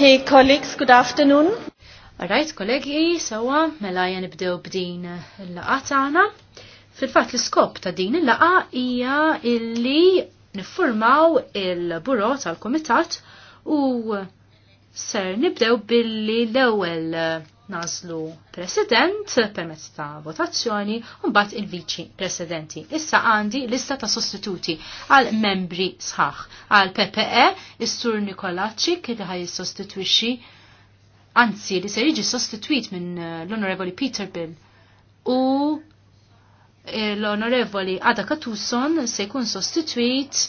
Okay, colleagues, good afternoon. All right, kollegi, sawa, mela jen nibdew b'din il-laqa tagħna. Fil-fatt l-iskop ta' din il-laqa hija illi niffurmaw il-buro tal-kumitat u ser nibdew billi l-ewwel naslu president permezz ta' votazzjoni mbagħad il-viċi presidenti. Issa għandi lista ta' sostituti għal membri sħaħ. Għal PPE is-Sur Nikolacci kif ħaj jissostitwixxi, anzi li se jiġi sostituit minn eh, l-Onorevoli Peter Bill u eh, l-Onorevoli Ada Katuson se jkun sostituit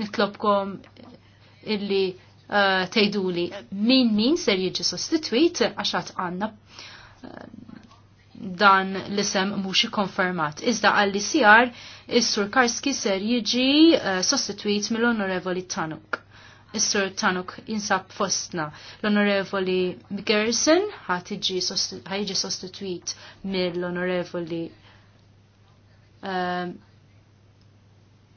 nitlobkom eh, illi Eh, tejduli min min ser jiġi sostituit għaxat għanna eh, dan l-isem mhux ikkonfermat. Iżda għalli sijar is-Sur Karski ser jiġi eh, sostituit mill-Onorevoli Tanuk. Is-Sur Tanuk jinsab fostna. L-Onorevoli Gerson jieġi sostituit mill-Onorevoli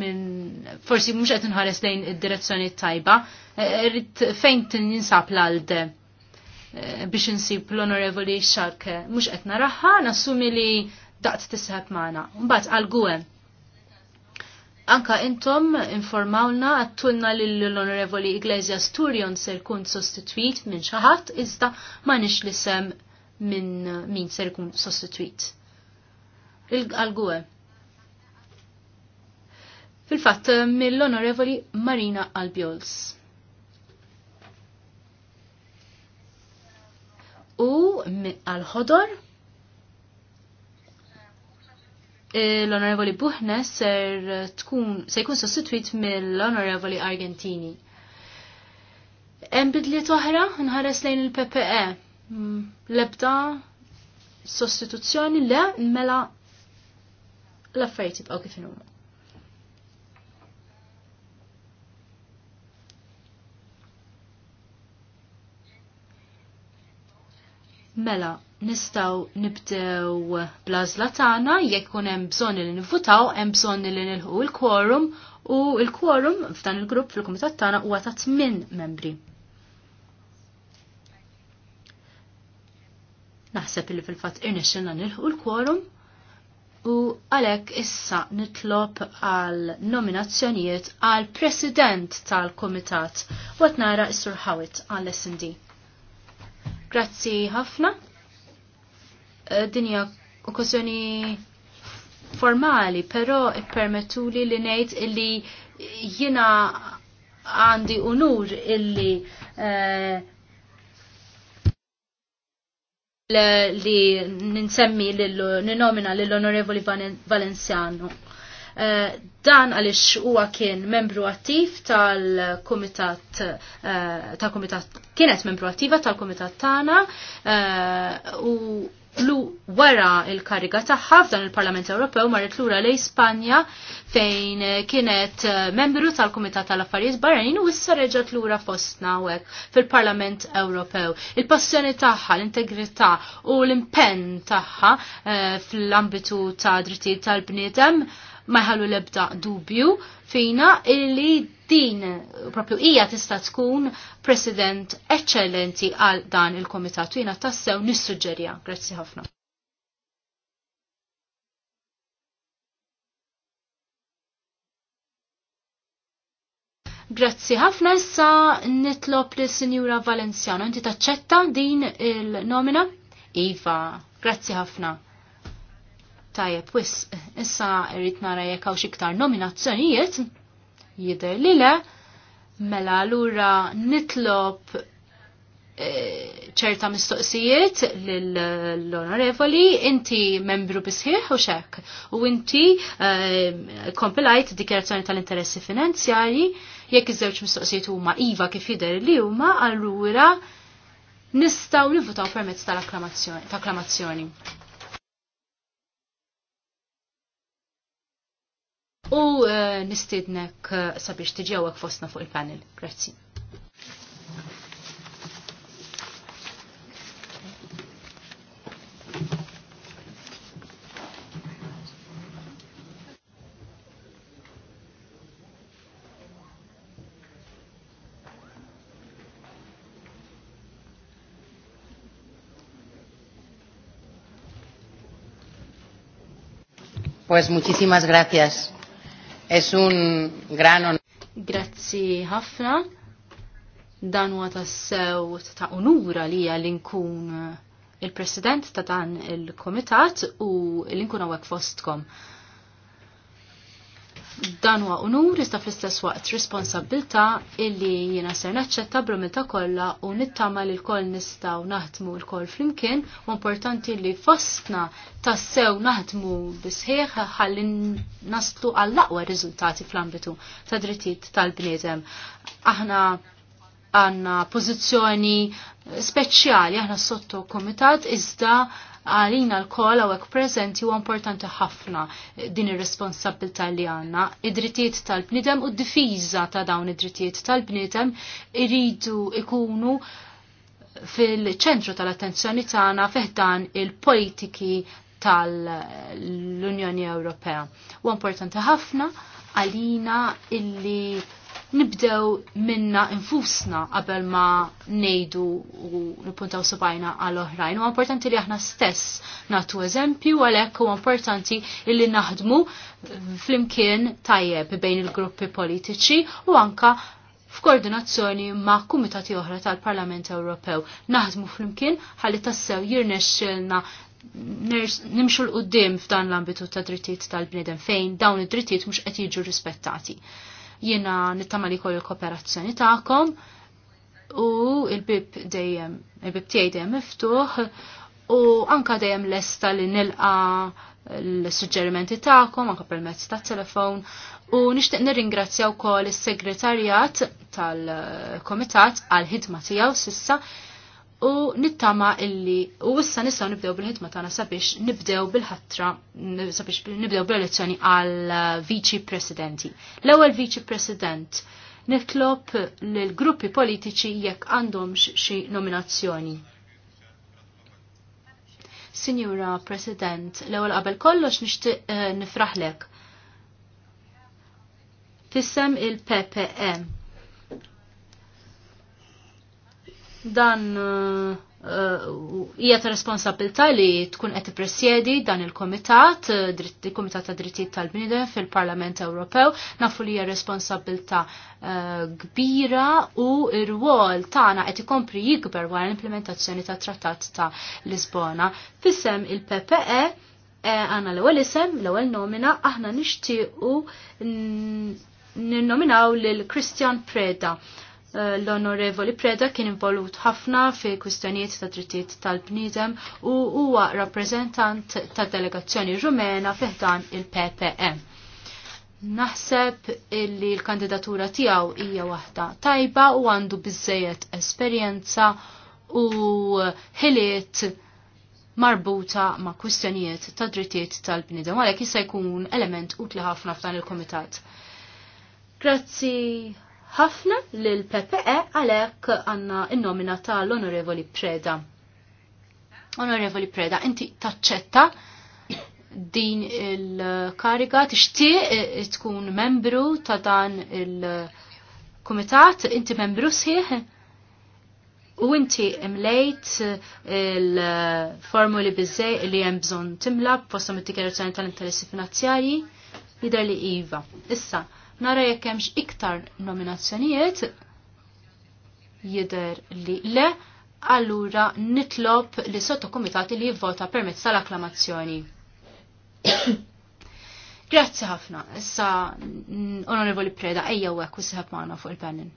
minn forsi mhux qed inħares lejn id-direzzjoni tajba, e, rrid fejn tinsab l-għalde e, biex insib l-onorevoli xalke. Mhux qed naraħħa, nassumi li daqt tisħab magħna. Mbagħad għal gwen. Anka intom informawna għattunna li l-onorevoli Iglesias Turion ser kun sostituit minn xaħat, iżda ma nix li sem minn min ser kun sostituit. Il-għalgwe fil-fatt eh, mill-Onorevoli Marina Albiols. U għal-ħodor eh, l-Onorevoli Buhne ser tkun se jkun sostituit mill-Onorevoli Argentini. Hemm bidliet oħra nħares lejn il-PPE. Hmm, lebda sostituzzjoni le mela l-affarijiet jibqgħu kif inhuma. Mela, nistaw nibdew blazla tagħna jek kun hemm bżonn li nivvutaw, hemm bżonn li nilħu l-quorum u l-quorum f'dan il-grupp fil-kumitat tagħna huwa ta' tmien membri. Naħseb li fil-fatt irnexxilna nilħu l-quorum u għalek issa nitlob għal nominazzjonijiet għal president tal-komitat. Wat nara s-Sur Hawit għal SND. Grazzi ħafna. Eh, dinja okkazjoni formali, però permettuli li ngħid illi jiena għandi unur illi eh, li ninsemmi l-nomina l-Onorevoli Valenciano. Eh, dan għaliex huwa kien membru attiv tal-Kumitat tal komitat eh, kienet membru attiva tal-Kumitat Tana eh, u lu wara il-kariga tagħha f'dan il-Parlament Ewropew marret lura lej Spanja fejn kienet membru tal-Kumitat tal-Affarijiet Barranin u issa reġgħet lura fostna hekk fil-Parlament Ewropew. Il-passjoni tagħha, l-integrità u l-impenn tagħha fl-ambitu ta' drittijiet tal-bniedem ma l lebda dubju fina illi din propju ija tista' tkun president eċċellenti għal dan il komitatu jiena tassew nissuġġerja. Grazzi ħafna. Grazzi ħafna issa nitlob li Sinjura Valenziano, inti taċċetta din il-nomina? Iva, grazzi ħafna. Tajjeb, wis, issa rrit nara jekk hawn iktar nominazzjonijiet, jidher li le, mela allura nitlob eh, ċerta mistoqsijiet l-onorevoli, inti membru bisħiħ u xek, u inti eh, kompilajt dikjerazzjoni tal-interessi finanzjari, jekk iż-żewġ mistoqsijiet huma iva kif jidher li huma, allura nistgħu nivutaw permezz tal-akklamazzjoni. u eh, nistidnek eh, sabiex tiġewek għawek fostna fuq il-panel. Grazzi. Pues muchísimas gracias. Es un gran Grazzi ħafna. Dan huwa tassew ta' unura li hija li nkun eh, il-president ta' dan il-komitat u l-inkun għawek fostkom dan huwa unur iżda fl-istess waqt responsabilta illi jiena ser naċċetta brumita kollha u nittama li l nistgħu naħdmu l flimkien u importanti li fostna tassew naħdmu bisħieħ ħalli naslu għall-aqwa riżultati fl-ambitu ta' drittijiet tal-bniedem. Aħna għanna pożizzjoni speċjali aħna sotto komitat iżda għalina l-kol għawek prezenti u importanti ħafna din ir-responsabilta li għanna. Id-drittijiet tal-bnidem u d-difiża ta' dawn id-drittijiet tal-bnidem iridu ikunu fil-ċentru tal-attenzjoni tagħna fiħdan il-politiki tal-Unjoni Ewropea. U importanti ħafna għalina illi nibdew minna infusna qabel ma nejdu u nipuntaw sabajna għal oħrajn. U importanti li aħna stess natu eżempju għalhekk u importanti li naħdmu flimkien tajjeb bejn il-gruppi politiċi u anka f'koordinazzjoni ma' kumitati oħra tal-Parlament Ewropew. Naħdmu flimkien ħalli tassew jirnexxilna nimxu l-qoddim f'dan l-ambitu ta' drittijiet tal-bnedem fejn dawn id-drittijiet mhux qed jiġu rispettati. Jiena nittama kol il-kooperazzjoni ta'kom u il-bib dejjem, il-bib tiegħi dejjem miftuħ u anka dejjem lesta li nilqa l-suġġerimenti ta'kom anka permezz ta' telefon u nixtieq nirringrazzja wkoll is-segretarjat tal-komitat għal ħidma tiegħu sissa u nittama illi u issa nistgħu nibdew bil-ħidma tagħna sabiex nibdew bil-ħatra sabiex nibdew bil-elezzjoni għal viċi presidenti. L-ewwel viċi president nitlob l gruppi politiċi jekk għandhom xi nominazzjoni. Signora President, l-ewwel qabel kollox nixtieq eh, nifraħlek. Tissem il-PPM Dan eh, eh, hija uh, ta' responsabilità li tkun qed ippresjedi dan il-Komitat, eh, il-Komitat ta' Drittijiet tal-Bniedem fil-Parlament Ewropew, nafu li hija responsabilità kbira u r-wol tagħna qed ikompri jikber wara l-implementazzjoni ta' Trattat ta' Lisbona. Fissem il-PPE għandna l-ewwel isem, l-ewwel nomina, aħna nixtiequ ninnominaw lil Christian Preda l-onorevoli Preda kien involut ħafna fi kwistjonijiet ta' drittijiet tal-bnidem u huwa rappreżentant tad delegazzjoni rumena dan il ppm Naħseb illi l-kandidatura tiegħu hija waħda tajba u għandu biżejjed esperjenza u ħiliet marbuta ma' kwistjonijiet ta' drittijiet tal-bnidem għalhekk jista' jkun element utli ħafna f'dan il-komitat. Grazzi ħafna lil PPE għalhekk għandna il nomina tal-Onorevoli Preda. Onorevoli Preda, inti taċċetta din il-kariga tixtieq eh, tkun membru ta' dan il-kumitat, inti membru sħiħ u inti imlejt il-formuli bizzej li hemm bżonn timla posta id-dikjerazzjoni tal-interessi finanzjarji jidher li iva. Issa, nara jekk hemmx iktar nominazzjonijiet jider li le, allura nitlob li sottokumitati li jivvota permezz tal-akklamazzjoni. Grazzi ħafna, issa onorevoli preda, ejja u għek u fuq il-panel.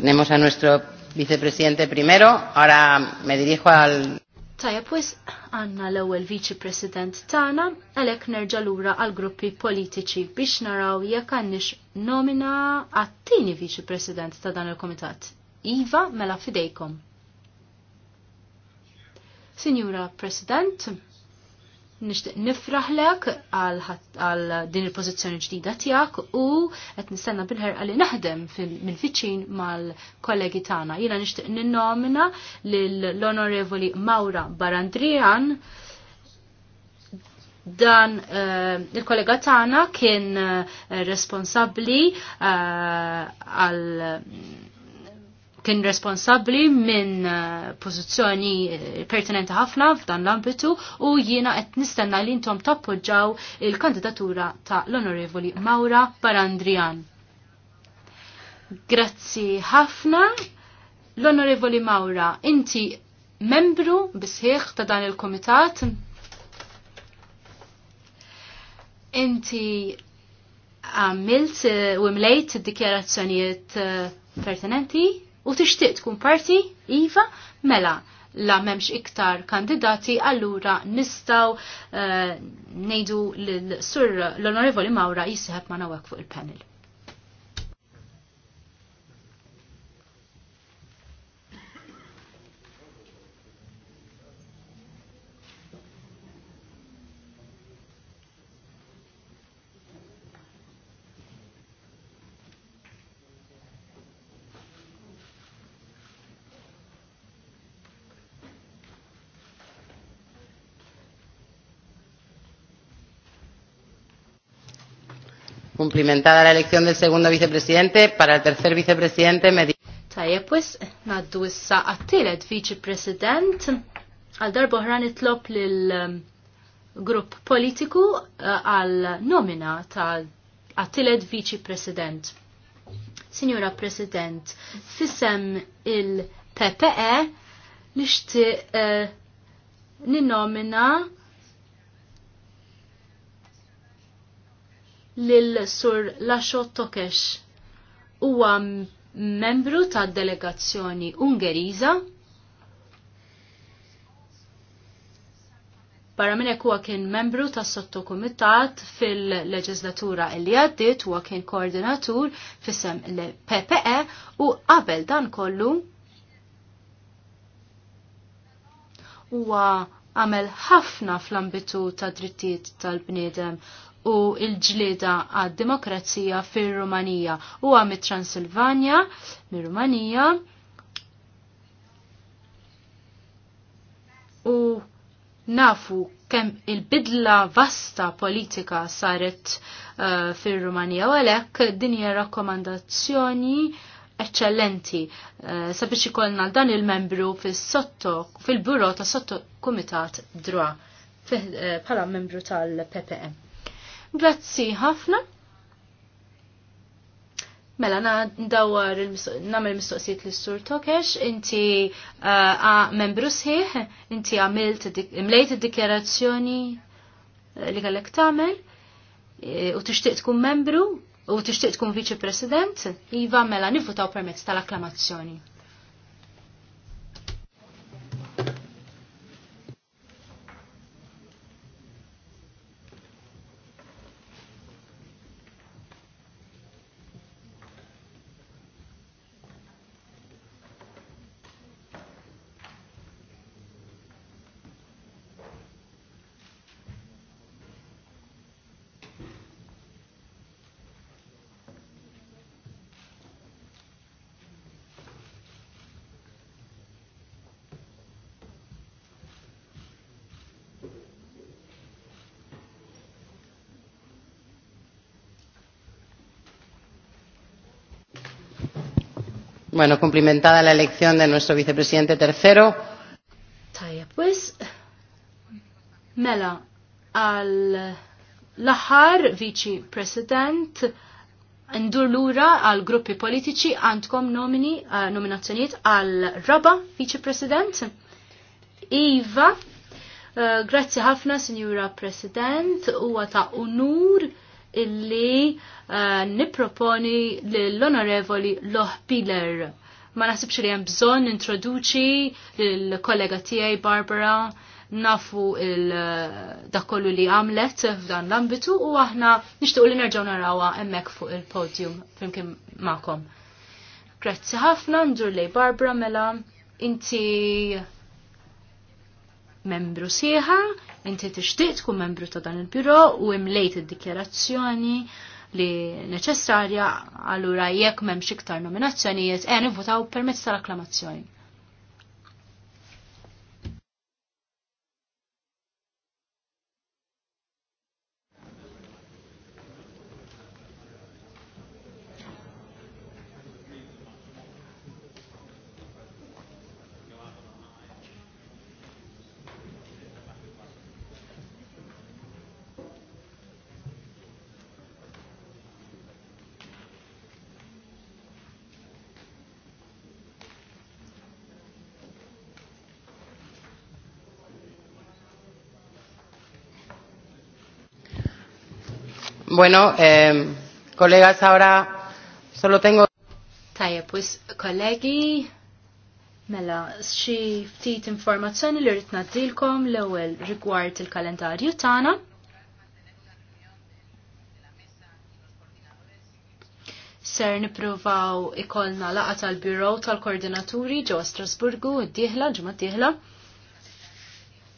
Tenemos a nuestro vicepresidente primero, ahora me dirijo al... Tajja pues għanna l-ewwel viċi president tagħna għalhekk nerġa' lura għal gruppi politiċi biex naraw jekk għannix nomina għattini tieni viċi president ta' dan il-komitat. Iva mela fidejkom. Signora President, nishtiq nifraħlek għal din il-pozizjoni ġdida tiegħek u qed nistenna bilħer għalli li naħdem mill-fiċin mal-kollegi tagħna. Jina nixtieq ninnomina lill-Onorevoli Maura Barandrian dan uh, il-kollega tagħna kien uh, eh, responsabbli eh, għal uh, kien responsabli minn eh, pozizjoni eh, pertinenti ħafna f'dan l-ambitu u jiena qed nistenna li intom tappoġġaw il-kandidatura ta' l-Onorevoli Maura Barandrian. Grazzi ħafna. L-Onorevoli Maura, inti membru bisħieħ ta' dan il-komitat. Inti għamilt eh, u mlejt dikjarazzjonijiet pertinenti u tixtieq tkun parti, iva, mela, la memx iktar kandidati, allura nistaw uh, eh, nejdu l-sur l-onorevoli Mawra jisħab ma fuq il-panel. Cumplimentada la elección del segundo vicepresidente, para el tercer vicepresidente me Tajjeb wis naddu issa għattilet viċi president għal darba oħra nitlob l um, grupp politiku uh, għal nomina ta' għattilet viċi president. Signora President, fissem il-PPE nixti uh, ninnomina lil sur Lasho Tokesh. Huwa membru tad delegazzjoni Ungeriża. Barra minn huwa kien membru tas sottokumitat fil-leġislatura li għaddiet huwa kien koordinatur fis l-PPE e u qabel dan kollu huwa għamel ħafna fl-ambitu ta' drittijiet tal-bniedem u il-ġlida għad-demokrazija fir-Rumanija. Huwa mit transilvania mir-Rumanija. U nafu kemm il-bidla vasta politika saret uh, fir-Rumanija u għalhekk din hija rakkomandazzjoni eccellenti uh, sabiex ikollna dan il-membru fis-sotto fil-buro ta' sotto komitat DROA eh, bħala membru tal-PPM. Grazzi ħafna. Mela, na ndawar namel mistoqsijiet l-sur Tokesh, inti għa uh, membru sħiħ, inti għamilt imlejt id-dikjerazzjoni uh, li għalek tamel, uh, u tixtieq tkun membru, u tixtieq tkun viċi president, iva mela nifutaw permezz tal-akklamazzjoni. Bueno, cumplimentada la elección de nuestro vicepresidente tercero. Tajja, pues, mela, al lahar vicepresident, viċi president ndur lura għal gruppi politici antkom nomini, uh, eh, nominazzjoniet al raba vicepresident, Iva, uh, eh, grazie ħafna, Signora President, huwa ta' unur illi uh, niproponi l-onorevoli Loh Piller. Ma nasibx li hemm bżonn introduċi l-kollega tiegħi Barbara nafu il-dakollu uh, li għamlet f'dan l-ambitu u aħna nixtuq li nerġaw narawa emmek fuq il-podium flimkien ma'kom. Grazzi ħafna, ndur li Barbara mela, inti membru sieħa Inti tixtieq tkun membru ta' dan il-biro u imlejt id-dikjerazzjoni li neċessarja allura jekk m'hemmx iktar nominazzjonijiet qed eh, votaw permezz tal-akklamazzjoni. Bueno, eh, colegas, ahora solo tengo. Tajja, pues kollegi, mela, xi ftit informazzjoni li rrid ngħaddilkom l-ewwel rigward il-kalendarju tagħna. Ser nippruvaw ikollna laqa tal-Bureau tal-Koordinaturi ġo Strasburgu d-dieħla ġumma d-dieħla.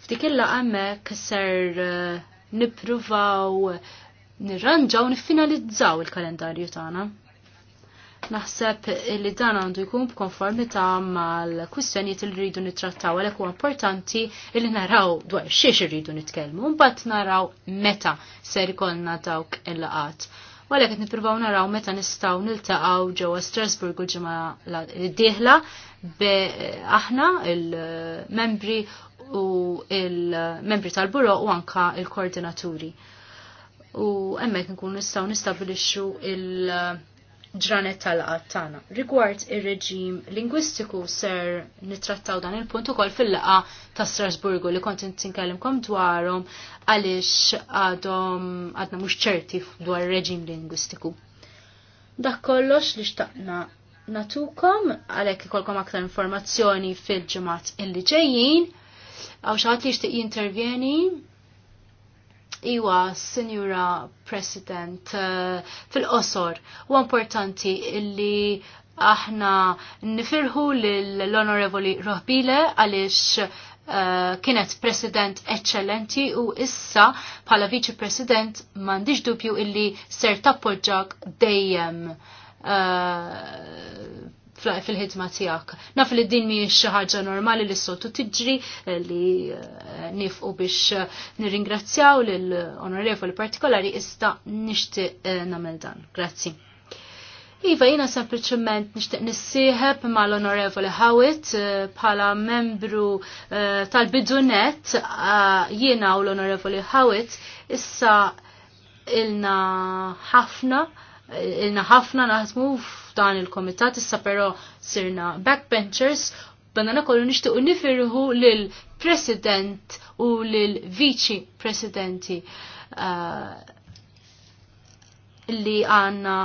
F'dik il-laqa hemmhekk ser eh, nippruvaw uh, nirranġaw niffinalizzaw il-kalendarju tagħna. Naħseb li dan għandu jkun b'konformità mal-kwistjonijiet li rridu nittrattaw għalhekk huwa importanti li naraw dwar xiex irridu nitkellmu, mbagħad naraw meta ser ikollna dawk il-laqat. Walek qed nippruvaw naraw meta nistgħu niltaqgħu ġewwa Strasburg u ġimgħa d-dieħla aħna il-membri u il-membri tal-buro u anka il-koordinaturi. membri tal u il membri tal buro u anka il koordinaturi u hemmhekk nkun nistgħu nistabilixxu il-ġranet tal-qat tagħna. Rigward ir-reġim lingwistiku ser nittrattaw dan il-punt ukoll fil-laqa ta' Strasburgu li kont tinkellimkom dwarhom għaliex għadhom għadna mhux ċerti dwar ir-reġim lingwistiku. Dak kollox li xtaqna natukom għalhekk ikolkom aktar informazzjoni fil-ġimgħat illi ġejjin. Għaw xaħat li jishtiq jintervjeni Iwa, Signora President, uh, fil-qosor, u importanti illi aħna nifirħu l-Onorevoli Rohbile għalix uh, kienet president eccellenti u issa bħala viċi president mandiġ dubju illi ser tappoġġak dejjem uh, fil-ħidma tiegħek. Naf li din mhijiex xi ħaġa normali li s-soltu tiġri eh, li eh, nifqu biex eh, nirringrazzjaw lil onorevoli partikolari issa nixtieq nagħmel dan. Grazzi. Iva, jina sempliciment nishtiq nissieħeb ma l-Onorevoli Hawit bħala membru tal-bidunet jiena u l-Onorevoli Hawit issa ilna ħafna ilna ħafna naħdmu f'dan il-komitat, issa però sirna backbenchers, banana kollu nishtiqu nifirħu lil-president u lil-vici presidenti uh, li għanna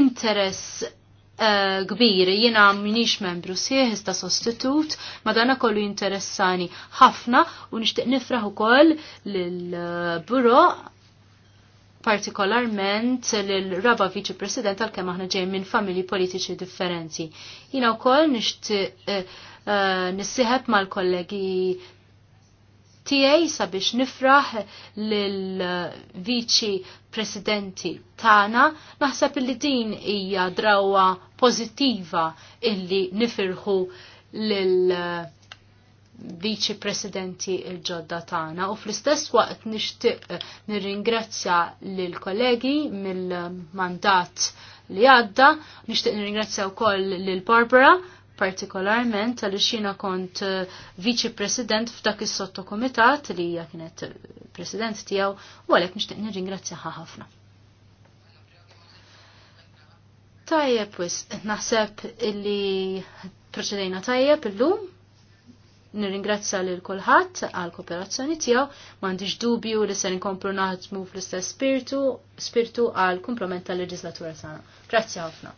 interess uh, kbir, jina minix membru sieħ, ta' sostitut, dana kollu interessani ħafna u nishtiq nifraħu koll l-buro partikolarment l-raba viċi president għal kem aħna ġej minn familji politiċi differenti. Jina wkoll nixtieq uh, uh, eh, mal-kollegi tiegħi sabiex nifraħ lill-viċi presidenti tagħna naħseb li din hija drawa pozitiva illi nifirħu lil eh, viċi presidenti il-ġodda tagħna u fl-istess waqt nixtieq eh, nirringrazzja lil kollegi mill-mandat li għadda, nixtieq nirringrazzja wkoll lil Barbara partikolarment għal xina kont eh, viċi president f'dak is-sottokomitat li hija kienet eh, president tiegħu u għalhekk nixtieq nirringrazzjaha ħafna. Tajjeb wis, naħseb illi proċedejna tajjeb illum Nirringrazzja lil kulħadd għal kooperazzjoni tiegħu, m'għandix dubju li se nkomplu naħdmu fl-istess spiritu, spiritu għal komplement tal-leġislatura tagħna. Grazzi ħafna.